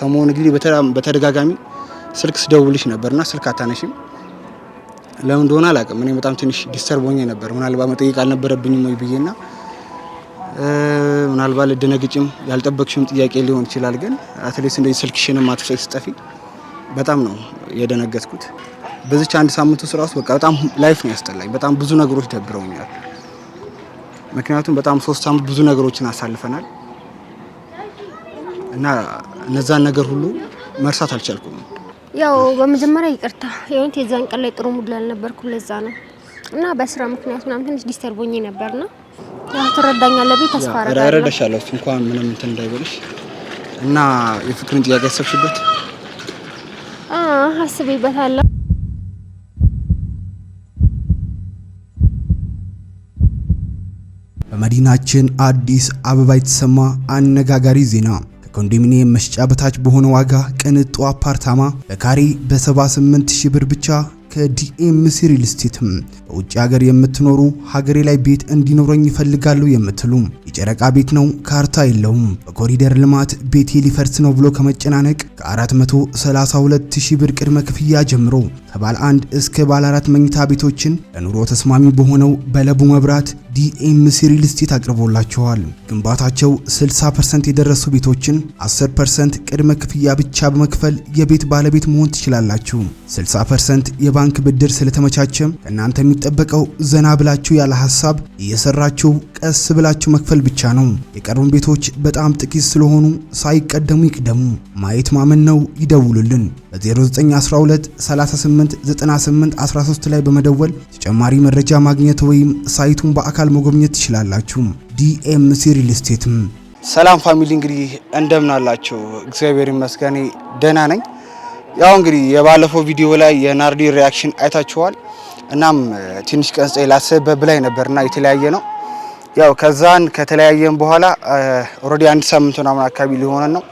ሰሞኑን እንግዲህ በተደጋጋሚ ስልክ ስደውልሽ ነበርና ስልክ አታነሽም። ለምን እንደሆነ አላውቅም። እኔ በጣም ትንሽ ዲስተርብ ሆኜ ነበር። ምናልባት መጠየቅ አልነበረብኝም ወይ ብዬና ምናልባት ልደነግጭም ያልጠበቅሽም ጥያቄ ሊሆን ይችላል። ግን አትሌት እንደዚህ ስልክሽን ማትሰጭ ስጠፊ በጣም ነው የደነገጥኩት። በዚች አንድ ሳምንት ውስጥ ራሱ በቃ በጣም ላይፍ ነው ያስጠላኝ። በጣም ብዙ ነገሮች ደብረውኛል። ምክንያቱም በጣም ሶስት ሳምንት ብዙ ነገሮችን አሳልፈናል እና እነዛን ነገር ሁሉ መርሳት አልቻልኩም። ያው በመጀመሪያ ይቅርታ የሆነት የዛን ቀን ላይ ጥሩ ሙድ ላልነበርኩም ለዛ ነው እና በስራ ምክንያት ምናምን ትንሽ ዲስተርቦኝ ነበርና ያው ትረዳኛለህ ብዬ ተስፋ አደርጋለሁ። እረዳሻለሁ እንኳን ምንም እንትን እንዳይበልሽ እና የፍቅርን ጥያቄ ያሰብሽበት አስቤበታለሁ። በመዲናችን አዲስ አበባ የተሰማ አነጋጋሪ ዜና ኮንዶሚኒየም መሸጫ በታች በሆነ ዋጋ ቅንጡ አፓርታማ በካሬ በ78 ሺህ ብር ብቻ ከዲኤምሲ ሪል ስቴትም በውጭ ሀገር የምትኖሩ ሀገሬ ላይ ቤት እንዲኖረኝ ይፈልጋለሁ የምትሉ የጨረቃ ቤት ነው፣ ካርታ የለውም፣ በኮሪደር ልማት ቤቴ ሊፈርስ ነው ብሎ ከመጨናነቅ ከ 432000 ሺህ ብር ቅድመ ክፍያ ጀምሮ ከባለ አንድ እስከ ባለ አራት መኝታ ቤቶችን ለኑሮ ተስማሚ በሆነው በለቡ መብራት ዲኤምሲ ሪል ስቴት አቅርቦላቸዋል። ግንባታቸው 60% የደረሱ ቤቶችን 10% ቅድመ ክፍያ ብቻ በመክፈል የቤት ባለቤት መሆን ትችላላችሁ። 60% የባንክ ብድር ስለተመቻቸም ከእናንተ የሚጠበቀው ዘና ብላችሁ ያለ ሀሳብ እየሰራችሁ ቀስ ብላችሁ መክፈል ብቻ ነው። የቀሩን ቤቶች በጣም ጥቂት ስለሆኑ ሳይቀደሙ ይቅደሙ። ማየት ማመን ነው። ይደውሉልን በ0912 38 989813 ላይ በመደወል ተጨማሪ መረጃ ማግኘት ወይም ሳይቱን በአካል መጎብኘት ትችላላችሁ። ዲኤምሲ ሪል ስቴት። ሰላም ፋሚሊ እንግዲህ እንደምን አላችሁ? እግዚአብሔር ይመስገን ደህና ነኝ። ያው እንግዲህ የባለፈው ቪዲዮ ላይ የናርዲ ሪያክሽን አይታችኋል። እናም ትንሽ ቀን ጸይ ላሰበብ ላይ ነበርና የተለያየ ነው። ያው ከዛን ከተለያየን በኋላ ኦልሬዲ አንድ ሳምንት ምናምን አካባቢ ሊሆነን ነው።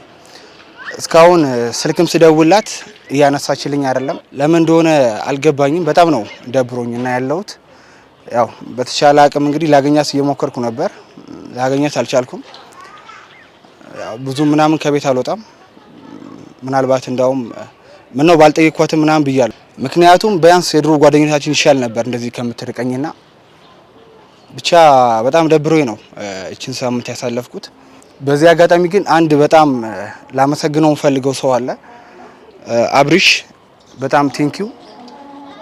እስካሁን ስልክም ስደውላት እያነሳችልኝ አይደለም። ለምን እንደሆነ አልገባኝም። በጣም ነው ደብሮኝ እና ያለሁት ያው በተቻለ አቅም እንግዲህ ላገኛት እየሞከርኩ ነበር፣ ላገኛት አልቻልኩም። ብዙ ምናምን ከቤት አልወጣም። ምናልባት እንዳውም ምን ነው ባልጠየኳትም ምናምን ብያለሁ። ምክንያቱም ቢያንስ የድሮ ጓደኝነታችን ይሻል ነበር እንደዚህ ከምትርቀኝና ብቻ በጣም ደብሮኝ ነው እችን ሳምንት ያሳለፍኩት። በዚህ አጋጣሚ ግን አንድ በጣም ላመሰግነው ፈልገው ሰው አለ አብሪሽ በጣም ቴንኪው።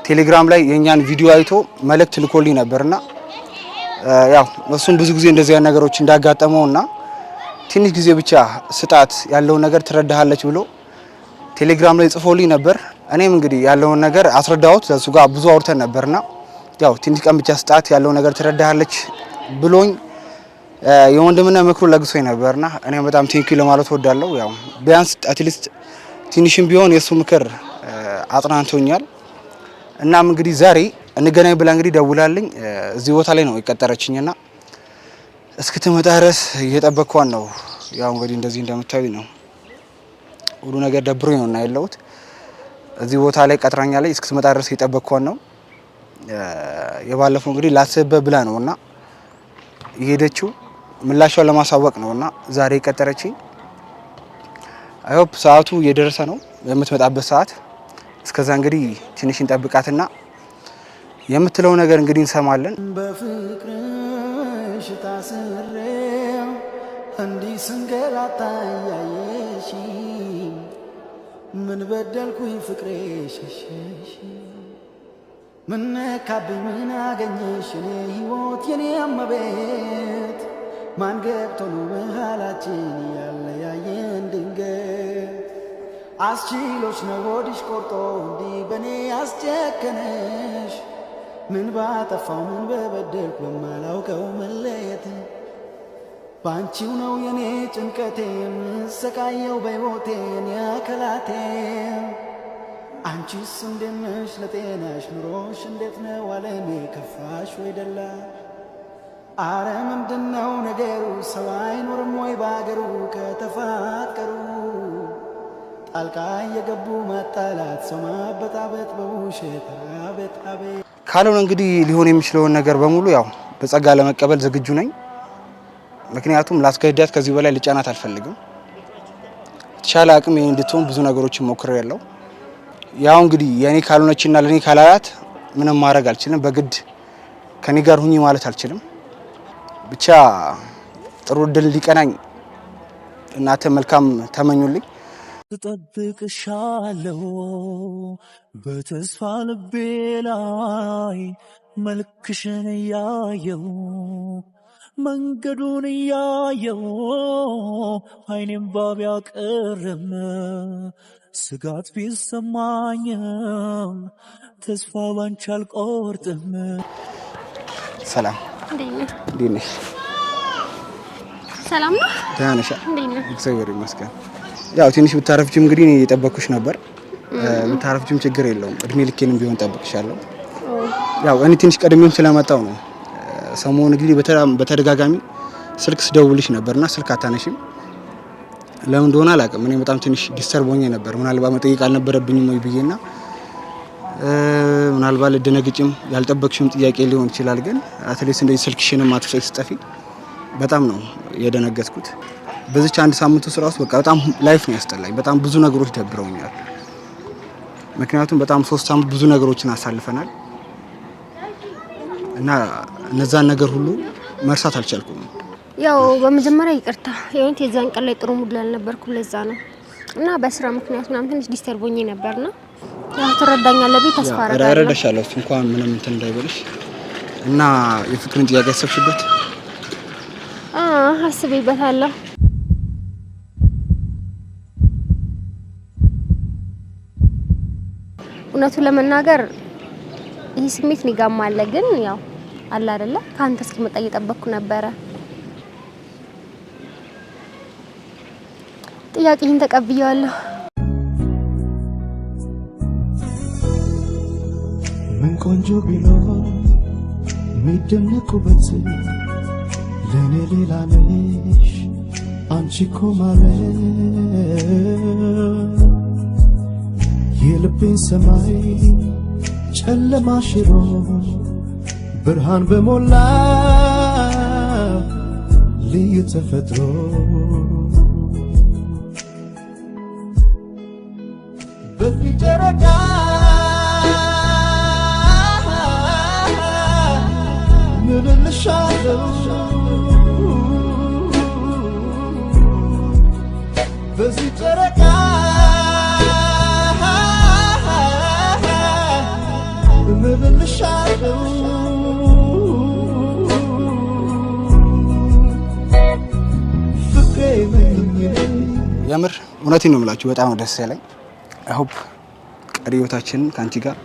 ቴሌግራም ላይ የእኛን ቪዲዮ አይቶ መልእክት ልኮልኝ ነበርና ያው እሱን ብዙ ጊዜ እንደዚህ አይነት ነገሮች እንዳጋጠመውና ትንሽ ጊዜ ብቻ ስጣት ያለውን ነገር ትረዳሃለች ብሎ ቴሌግራም ላይ ጽፎልኝ ነበር። እኔም እንግዲህ ያለውን ነገር አስረዳሁት። እሱ ጋር ብዙ አውርተን ነበርና ያው ትንሽ ቀን ብቻ ስጣት ያለውን ነገር ትረዳሃለች ብሎኝ የወንድምና ምክሩ ለግሶኝ ነበርና እኔም በጣም ቴንኪው ለማለት ወዳለሁ። ያው ቢያንስ አትሊስት ትንሽም ቢሆን የእሱ ምክር አጥናንቶኛል። እናም እንግዲህ ዛሬ እንገናኝ ብላ እንግዲህ ደውላልኝ እዚህ ቦታ ላይ ነው የቀጠረችኝና እስክትመጣ ድረስ እየጠበቅኳን ነው። ያው እንግዲህ እንደዚህ እንደምታዩ ነው ሁሉ ነገር ደብሮኝ ነው እና ያለሁት እዚህ ቦታ ላይ ቀጥራኛ ላይ እስክትመጣ ድረስ እየጠበቅኳን ነው። የባለፈው እንግዲህ ላስብበት ብላ ነው እና የሄደችው ምላሿን ለማሳወቅ ነው እና ዛሬ የቀጠረችኝ አይሆፕ ሰዓቱ እየደረሰ ነው የምትመጣበት ሰዓት። እስከዛ እንግዲህ ትንሽ እንጠብቃትና የምትለው ነገር እንግዲህ እንሰማለን። በፍቅርሽ ታስሬ እንዲህ ስንገላታ እያየሽ ምን በደልኩኝ ፍቅሬ ሸሸሽ ምን ምን አገኘሽ እኔ ህይወት የኔ እመቤት ማን ገብቶ ነው መሃላችን ያለ አስችሎች ነው ሆድሽ ቆርጦ እንዲህ በእኔ አስጨከነሽ። ምን ባጠፋው ምን በበደልኩ በማላውቀው መለየት ባንቺው ነው የኔ ጭንቀቴ የምሰቃየው በሕይወቴ የኔ አከላቴ። አንቺስ እንዴት ነሽ ለጤናሽ ኑሮሽ እንዴት ነው አለሜ ከፋሽ ወይ ደላ? አረ ምንድነው ነገሩ ሰው አይኖርም ወይ በአገሩ ከተፋቀሩ ጣልቃ እየገቡ መጣላት፣ ሰው ማበጣበጥ፣ በውሸት አበጣበጥ ካልሆነ እንግዲህ ሊሆን የሚችለውን ነገር በሙሉ ያው በጸጋ ለመቀበል ዝግጁ ነኝ። ምክንያቱም ላስገድዳት ከዚህ በላይ ልጫናት አልፈልግም። የተሻለ አቅም እንድትሆን ብዙ ነገሮችን ያለው ያው እንግዲህ የእኔ ካልሆነችና ለእኔ ካላላት ምንም ማድረግ አልችልም። በግድ ከኔ ጋር ሁኚ ማለት አልችልም። ብቻ ጥሩ እድል ሊቀናኝ እናተ መልካም ተመኙልኝ። እጠብቅሻለሁ በተስፋ ልቤ ላይ መልክሽን እያየው መንገዱን እያየው አይኔም ባብ ያቀርም ስጋት ቢሰማኝም ተስፋ ባንቺ አልቆርጥም። ሰላም እንዴት ነሽ? ሰላም ነው። ደህና ነሽ? እግዚአብሔር ይመስገን። ያው ትንሽ ብታረፍችም እንግዲህ እኔ የጠበቅኩሽ ነበር። ብታረፍችም ችግር የለውም እድሜ ልኬንም ቢሆን ጠብቅሻለሁ። ያው እኔ ትንሽ ቀድሜም ስለመጣው ነው። ሰሞኑ እንግዲህ በተደጋጋሚ ስልክ ስደውልሽ ነበርና ስልክ አታነሽም። ለምን እንደሆነ አላውቅም። እኔ በጣም ትንሽ ዲስተርብ ሆኜ ነበር። ምናልባት መጠየቅ አልነበረብኝም ወይ ብዬና ምናልባት ልደነግጭም ያልጠበቅሽም ጥያቄ ሊሆን ይችላል። ግን አትሊስት እንደዚህ ስልክሽንም አትሰይ ስጠፊ በጣም ነው የደነገጥኩት። በዚች አንድ ሳምንት ውስጥ ራሱ በቃ በጣም ላይፍ ነው ያስጠላኝ። በጣም ብዙ ነገሮች ደብረውኛል። ምክንያቱም በጣም ሶስት ሳምንት ብዙ ነገሮችን አሳልፈናል እና እነዛን ነገር ሁሉ መርሳት አልቻልኩም። ያው በመጀመሪያ ይቅርታ የሆነት የዛን ቀን ላይ ጥሩ ሙድ ላልነበርኩ ለዛ ነው እና በስራ ምክንያት ምናምን ትንሽ ዲስተርቦኝ ነበርና ያው ትረዳኛለህ ብዬ ተስፋ አደርጋለሁ። እረዳሻለሁ እንኳን ምንም እንትን እንዳይበልሽ እና የፍቅርን ጥያቄ ያሰብሽበት አስቤበታለሁ። እውነቱ ለመናገር ይህ ስሜት እኔ አለ። ግን ያው አለ አይደለ ከአንተ እስኪመጣ እየጠበቅኩ ነበረ። ጥያቄህን ተቀብያለሁ። ምን ቆንጆ ቢኖር የሚደነቁበት ለእኔ ሌላ ነሽ አንቺ እኮ ማለት የልቤን ሰማይ ጨለማ ሽሮ ብርሃን በሞላ ልዩ ተፈጥሮ በፊት ጨረቃ ምንልሻለው በዚህ ጨረቃ የምር እውነት ነው የምላችሁ፣ በጣም ነው ደስ ያለኝ። ሆፕ ቀሪ ህይወታችንን ከአንቺ ጋር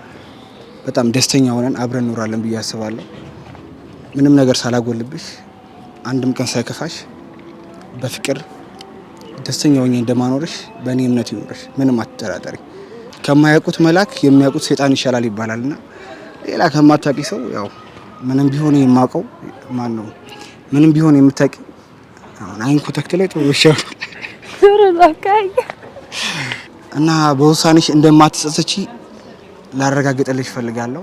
በጣም ደስተኛ ሆነን አብረን እንኖራለን ብዬ አስባለሁ። ምንም ነገር ሳላጎልብሽ፣ አንድም ቀን ሳይከፋሽ፣ በፍቅር ደስተኛ ሆኜ እንደማኖርሽ በእኔ እምነት ይኖርሽ፣ ምንም አትጠራጠሪ። ከማያውቁት መልአክ የሚያውቁት ሰይጣን ይሻላል ይባላል እና ሌላ ከማታውቂ ሰው ያው ምንም ቢሆን የማውቀው ማን ነው ምንም ቢሆን የምታውቂ አይንኮ ተክትላይ ጥሩ ይሻላል እና በውሳኔሽ እንደማትጸጸቺ ላረጋግጥልሽ እፈልጋለሁ።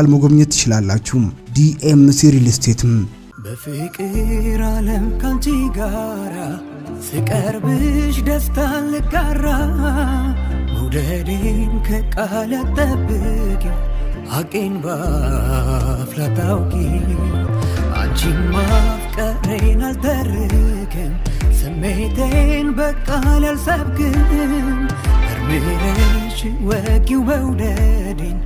በአካል መጎብኘት ትችላላችሁ። ዲኤምሲ ሪል ስቴትም በፍቅር ዓለም ካንቺ ጋራ ስቀርብሽ ደስታ ልጋራ መውደዴን ከቃል ጠብቂ አቄን ባፍላታውቂ አንቺን ማፍቀሬን አልተርክም ስሜቴን በቃል ያልሰብክም እርምረሽ ወጊው መውደዴን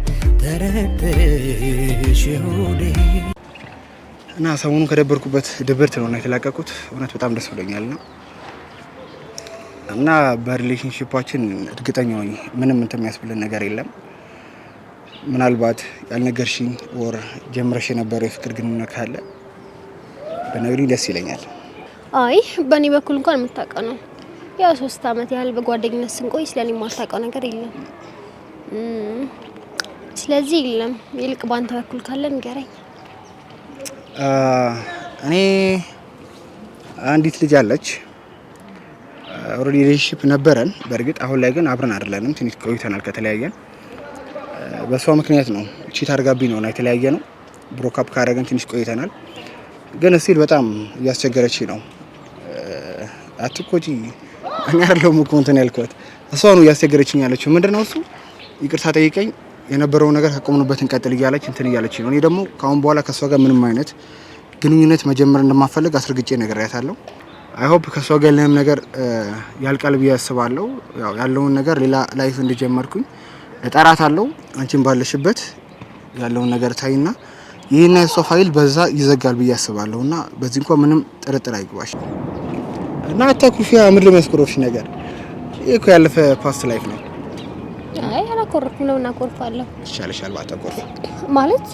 እና ሰሞኑን ከደበርኩበት ድብርት ነው እና የተላቀቁት እውነት በጣም ደስ ብሎኛል ነው እና በሪሌሽንሽፓችን እርግጠኛ ሆኝ ምንም እንትን የሚያስብልን ነገር የለም። ምናልባት ያልነገርሽኝ ወር ጀምረሽ የነበረው የፍቅር ግንኙነት ካለ በነገሪኝ ደስ ይለኛል። አይ በእኔ በኩል እንኳን የምታውቀው ነው። ያው ሶስት አመት ያህል በጓደኝነት ስንቆይ ስለኔ የማታውቀው ነገር የለም። ስለዚህ የለም፣ ይልቅ ባንተ በኩል ካለ ንገረኝ። እኔ አንዲት ልጅ አለች። ኦልሬዲ ሪሌሽንሺፕ ነበረን። በእርግጥ አሁን ላይ ግን አብረን አይደለንም፣ ትንሽ ቆይተናል ከተለያየን። በእሷ ምክንያት ነው ቺት አድርጋብኝ ነውና የተለያየ ነው። ብሮካፕ ካደረግን ትንሽ ቆይተናል። ግን እስቲል በጣም እያስቸገረች ነው። አትቆጪ፣ እኔ አይደለሁም እኮ እንትን ያልኳት እሷ ነው እያስቸገረችኝ ያለችው። ምንድን ነው እሱ ይቅርታ ጠይቀኝ የነበረው ነገር ከቆምንበት እንቀጥል እያለች እንትን እያለች ነው። እኔ ደግሞ ከአሁን በኋላ ከእሷ ጋር ምንም አይነት ግንኙነት መጀመር እንደማፈልግ አስረግጬ ነግሬያታለሁ። አይሆፕ ከእሷ ጋር ያለንም ነገር ያልቃል ብዬ አስባለሁ። ያለውን ነገር ሌላ ላይፍ እንደጀመርኩኝ እጠራታለሁ። አንቺን ባለሽበት ያለውን ነገር ታይና ይህና የእሷ ፋይል በዛ ይዘጋል ብዬ አስባለሁ። እና በዚህ እንኳ ምንም ጥርጥር አይግባሽ እና አታ ኩፊያ ምድር መስክሮች ነገር ይህ እኮ ያለፈ ፓስት ላይፍ ነው። አላኮርኩም። ለምን አኮርፋለሁ? ይሻልሻል ባታኮርፍ። ማለት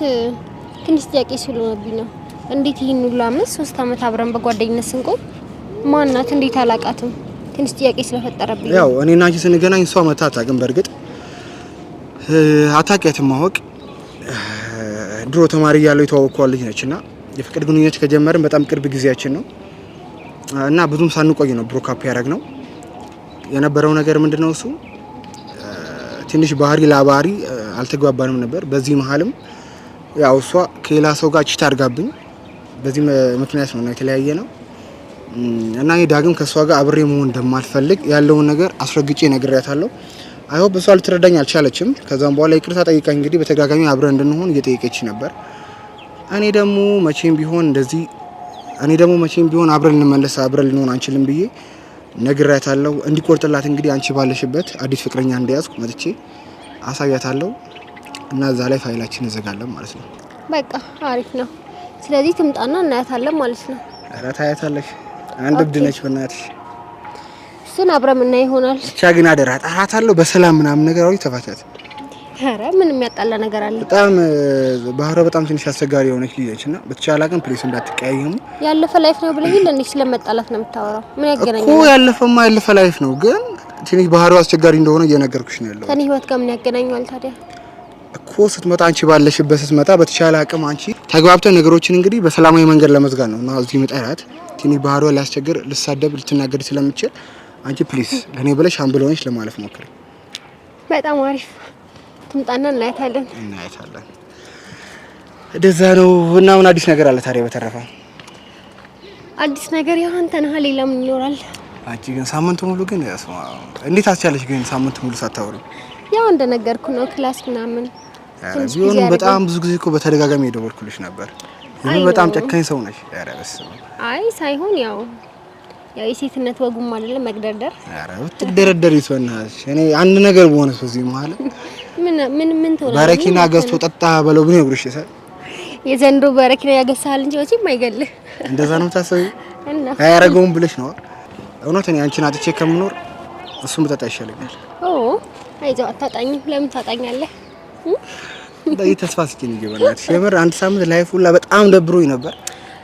ትንሽ ጥያቄ ስለሆነብኝ ነው። እንዴት ይህን ሁሉ አመት ሶስት አመት አብረን በጓደኝነት ስንቆይ ማናት? እንዴት አላቃትም? ትንሽ ጥያቄ ስለፈጠረብኝ ያው እኔና አንቺ ስንገናኝ እሷ መታ አታውቅም። በእርግጥ አታውቂያትም። ማወቅ ድሮ ተማሪ እያለሁ የተዋወቅኳት ልጅ ነች እና የፍቅር ግንኙነት ከጀመርን በጣም ቅርብ ጊዜያችን ነው እና ብዙም ሳንቆይ ነው ብሮካፕ ያደረግ ነው የነበረው ነገር ምንድነው እሱ ትንሽ ባህሪ ላባህሪ አልተግባባንም ነበር። በዚህ መሀልም ያው እሷ ከሌላ ሰው ጋር ቺት አድርጋብኝ በዚህ ምክንያት ነው የተለያየ ነው እና እኔ ዳግም ከእሷ ጋር አብሬ መሆን እንደማልፈልግ ያለውን ነገር አስረግጬ ነግሬያታለሁ። አይሆፕ እሷ ልትረዳኝ አልቻለችም። ከዛም በኋላ ይቅርታ ጠይቃኝ እንግዲህ በተደጋጋሚ አብረን እንድንሆን እየጠየቀች ነበር። እኔ ደግሞ መቼም ቢሆን እንደዚህ እኔ ደግሞ መቼም ቢሆን አብረን ልንመለስ አብረን ልንሆን አንችልም ብዬ ነግሬያታለሁ። እንዲቆርጥላት እንግዲህ አንቺ ባለሽበት አዲስ ፍቅረኛ እንደያዝኩ መጥቼ አሳያታለሁ እና እዛ ላይ ፋይላችን እንዘጋለን ማለት ነው። በቃ አሪፍ ነው። ስለዚህ ትምጣና እናያታለን ማለት ነው። ኧረ ታያታለሽ። አንድ እብድ ነች በእናትሽ። እሱን አብረን እና ይሆናል ብቻ ግን አደራ ጣራታለሁ። በሰላም ምናምን ነገር አውሪ ተፋታት ኧረ ምን የሚያጣላ ነገር አለ? በጣም ባህረ በጣም ትንሽ አስቸጋሪ የሆነች ልጅ ነች እና በተቻለ አቅም ፕሌስ እንዳትቀያየሙ። ያለፈ ላይፍ ነው ብለህ ይል ስለመጣላት ነው የምታወራው? ምን ያገናኛል እኮ ያለፈማ ያለፈ ላይፍ ነው፣ ግን ትንሽ አስቸጋሪ እንደሆነ እየነገርኩሽ ነው ያለው። ከኔ ህይወት ጋር ምን ያገናኘዋል ታዲያ? እኮ ስትመጣ አንቺ ባለሽበት ስትመጣ በተቻለ አቅም አንቺ ተግባብተን ነገሮችን እንግዲህ በሰላማዊ መንገድ ለመዝጋት ነው እና እዚህ መጠራት ትንሽ ሊያስቸግር፣ ልሳደብ፣ ልትናገድ ስለምችል አንቺ ፕሊስ ለእኔ ብለሽ ለማለፍ ሞክሪ። በጣም አሪፍ ትምጣና እናያታለን እናያታለን። እንደዛ ነው እና ምን አዲስ ነገር አለ ታዲያ? በተረፈ አዲስ ነገር ያው አንተ ነህ። ሌላ ምን ይኖራል? አንቺ ግን ሳምንቱ ሙሉ ግን እንዴት አስቻለሽ ግን ሳምንቱ ሙሉ ሳታወሪ? ያው እንደነገርኩ ነው ክላስ ምናምን ቢሆንም በጣም ብዙ ጊዜ እኮ በተደጋጋሚ የደወልኩልሽ ነበር። ይሄ በጣም ጨካኝ ሰው ነሽ። ኧረ በስመ አብ። አይ ሳይሆን ያው ያው የሴትነት ወጉም አይደለም መግደርደር። ኧረ ብትደረደሪ ሰውና እኔ አንድ ነገር በሆነ ሰው እዚህ መሀል ምን ምን ምን ተወራ በረኪና ገዝቶ ጠጣ በለው ብሎ ይነግሩሽ ይሰል የዘንድሮ በረኪና ያገሳል እንጂ ወጪ የማይገል እንደዛ ነው ታሰቢ እና አያረገውም ብለሽ ነው እውነት። እኔ አንቺን አጥቼ ከምኖር እሱም ብጠጣ ይሻለኛል። ኦ አይዞህ፣ አታጣኝም። ለምን ታጣኛለህ? በይ ተስፋ ስጪኝ እንጂ በእናትሽ። አንድ ሳምንት ላይፍ ሁላ በጣም ደብሮኝ ነበር።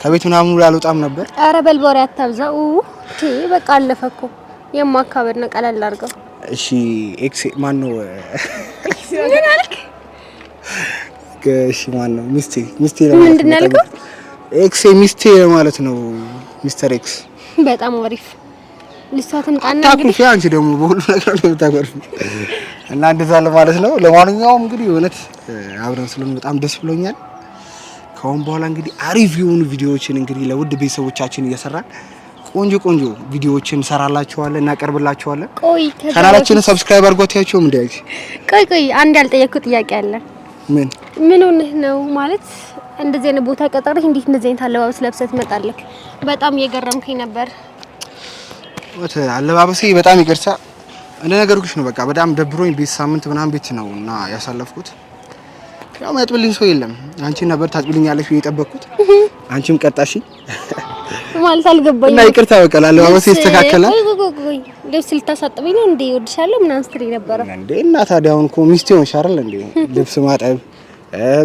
ከቤት ምናምን ሁላ አልወጣም ነበር። ኧረ በል በወሬ አታብዛው። በቃ አለፈ የማካበድ ነው። ቀለል አድርገው እሺ ኤክስ ማን ነው? ምን አልክ? እሺ ማን ነው? ሚስቴ ሚስቴ ነው። ምንድን ነው ያልከው? ኤክስ ሚስቴ ማለት ነው። ሚስተር ኤክስ በጣም አሪፍ ልሳተም ቃና እንግዲህ አንቺ ደግሞ በሁሉ ነገር ነው የምታቆርፊው እና እንደዛ ለማለት ነው። ለማንኛውም እንግዲህ እውነት አብረን ስለሆነ በጣም ደስ ብሎኛል። ከአሁን በኋላ እንግዲህ አሪፍ የሆኑ ቪዲዮዎችን እንግዲህ ለውድ ቤተሰቦቻችን እየሰራን ቆንጆ ቆንጆ ቪዲዮዎችን እንሰራላችኋለን እናቀርብላችኋለን። ቆይ ቻናላችንን ሰብስክራይብ አድርጓታችሁ ምን ዳይክ ቆይ ቆይ አንድ ያልጠየቅኩ ጥያቄ አለ። ምን ምን ሆነህ ነው ማለት እንደዚህ አይነት ቦታ ቀጠረህ? እንዴት እንደዚህ አይነት አለባበስ ለብሰህ ትመጣለህ? በጣም እየገረምከኝ ነበር። ወት አለባበሴ በጣም ይገርሳ እንደ እንደነገርኩሽ ነው። በቃ በጣም ደብሮኝ ቤት ሳምንት ምናምን ቤት ነው እና ያሳለፍኩት። ያው ያጥብልኝ ሰው የለም። አንቺ ነበር ታጥብልኛለሽ ብዬ የጠበቅኩት አንቺም ቀጣሽ ማለት አልገባኝ። እና ይቅርታ በቃ አለባበስ ይስተካከላል። ልብስ ልታሳጥበኝ ነው እንዴ? እወድሻለሁ ምናምን ስትለኝ ነበረ እንዴ? እና ታዲያ አሁን እኮ ሚስቴ ሆንሽ አይደል እንዴ? ልብስ ማጠብ፣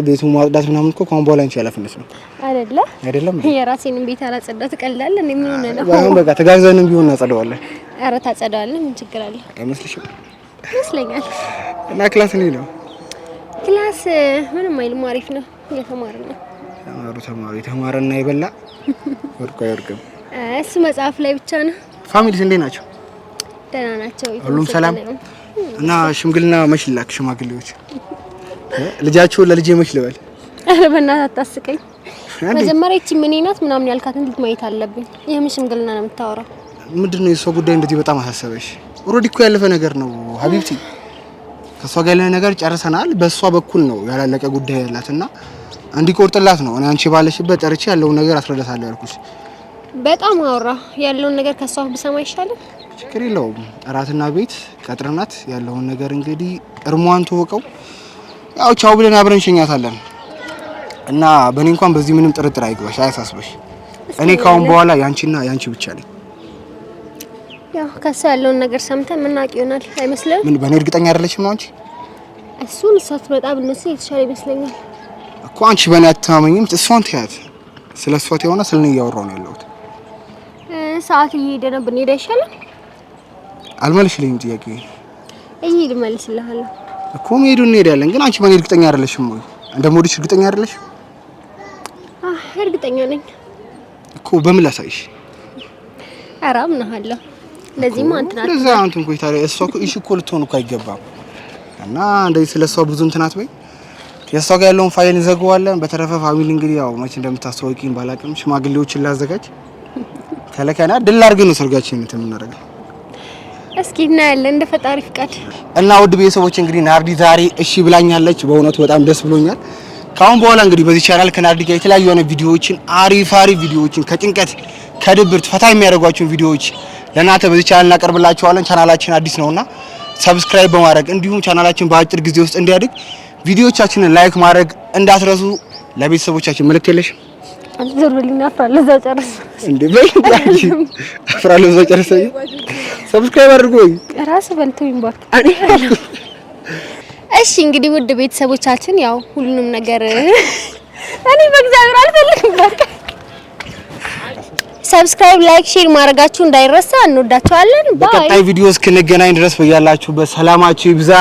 ቤቱ ማጽዳት ምናምን እኮ ከአሁን በኋላ አንቺ ኃላፊነት ነው አይደለ? አይደለም የራሴንም ቤት አላጸዳት ቀላል። እኔ ምን ሆነህ ነው? አሁን በቃ ተጋግዘንም ቢሆን እናጸዳዋለን። ኧረ ታጸዳዋለህ፣ ምን ችግር አለ? አይመስልሽም? ይመስለኛል። እና ክላስ እንሂድ ነው። ክላስ ምንም አይልም፣ አሪፍ ነው፣ እየተማርን ነው ተማሩ ተማሩ፣ የተማረና የበላ ወድቆ አይወርቅም እሱ መጽሐፍ ላይ ብቻ ነው። ፋሚሊ እንዴት ናቸው? ደህና ናቸው፣ ሁሉም ሰላም እና ሽምግልና መች ላክ ሽማግሌዎች ልጃቸው ለልጄ መች ልበል? ኧረ በእናትህ አታስቀኝ። መጀመሪያ እቺ ምን ናት ምናምን ያልካትን ልጅ ማየት አለብኝ። ይህም ሽምግልና ነው የምታወራው? ምንድነው የሷ ጉዳይ እንደዚህ በጣም አሳሰበሽ? ኦልሬዲ እኮ ያለፈ ነገር ነው ሀቢብቲ። ከእሷ ጋር ያለ ነገር ጨርሰናል። በእሷ በኩል ነው ያላለቀ ጉዳይ ያላትና። እንዲቆርጥላት ነው። እኔ አንቺ ባለሽበት ጠርቼ ያለውን ነገር አስረዳታለሁ ያልኩሽ። በጣም አውራ ያለውን ነገር ከሷ ብሰማ ይሻላል። ችግር የለውም። እራትና ቤት ቀጥረናት ያለውን ነገር እንግዲህ እርሟን ትወቀው። ያው ቻው ብለን አብረን እንሸኛታለን እና በእኔ እንኳን በዚህ ምንም ጥርጥር አይግባሽ፣ አያሳስበሽ። እኔ ካሁን በኋላ ያንቺና ያንቺ ብቻ ነኝ። ያው ከሷ ያለውን ነገር ሰምተን ምናውቅ ይሆናል አይመስልም? ምን በእኔ እርግጠኛ አይደለሽም ነው አንቺ? እሱን እሷ ትመጣ ብንወስድ የተሻለ ይመስለኛል። እኮ አንቺ በእኔ አታመኝም። እሷን ትያት። ስለ እሷ ትሆና ስለ እኔ እያወራሁ ነው ያለሁት። ሰዓት እየሄደ ነው፣ ብንሄድ አይሻልም? አልመልሽልኝም ጥያቄ? እይ ልመልስልሃለሁ እኮ መሄዱ እንሄዳለን። ግን አንቺ በእኔ እርግጠኛ አይደለሽም ወይ? እንደምወድሽ እርግጠኛ አይደለሽ? አህ እርግጠኛ ነኝ እኮ በምን ላሳይሽ? ኧረ አምናለሁ። ለዚህ ማንትና ለዛ አንተን እኮ ታዲያ እሷ እኮ እሺ እኮ ልትሆን እኮ አይገባም። እና እንደዚህ ስለ እሷ ብዙ እንትናት በይ የእሷ ጋር ያለውን ፋይል እንዘጋዋለን። በተረፈ ፋሚሊ እንግዲህ ያው መቼ እንደምታስተዋውቂ ባላቅም ሽማግሌዎችን ላዘጋጅ ከለከና ድል አድርገን ነው ሰርጋችን የምናደርገው። እስኪ እናያለን እንደ ፈጣሪ ፍቃድ። እና ውድ ቤተሰቦች እንግዲህ ናርዲ ዛሬ እሺ ብላኛለች። በእውነቱ በጣም ደስ ብሎኛል። ካሁን በኋላ እንግዲህ በዚህ ቻናል ከናርዲ ጋር የተለያዩ የሆነ ቪዲዮዎችን አሪፍ አሪፍ ቪዲዮዎችን ከጭንቀት ከድብርት ፈታ የሚያደርጓቸውን ቪዲዮዎች ለእናንተ በዚህ ቻናል እናቀርብላችኋለን። ቻናላችን አዲስ ነውና ሰብስክራይብ በማድረግ እንዲሁም ቻናላችን በአጭር ጊዜ ውስጥ እንዲያድግ ቪዲዮቻችንን ላይክ ማድረግ እንዳትረሱ። ለቤተሰቦቻችን መልእክት የለሽ? አትዘሩልኝ፣ አፍራለሁ። እዛው ጨርሰ እንዴ በይ አፍራለሁ። እዛው ጨርሰ ሰብስክራይብ አድርጉኝ። ራስ በልቶኝ ባርክ። እሺ እንግዲህ ውድ ቤተሰቦቻችን ያው ሁሉንም ነገር እኔ በእግዚአብሔር አልፈልግም። በቃ ሰብስክራይብ፣ ላይክ፣ ሼር ማድረጋችሁ እንዳይረሳ። እንወዳችኋለን። በቀጣይ ቪዲዮ እስክንገናኝ ድረስ በያላችሁ በሰላማችሁ ይብዛ።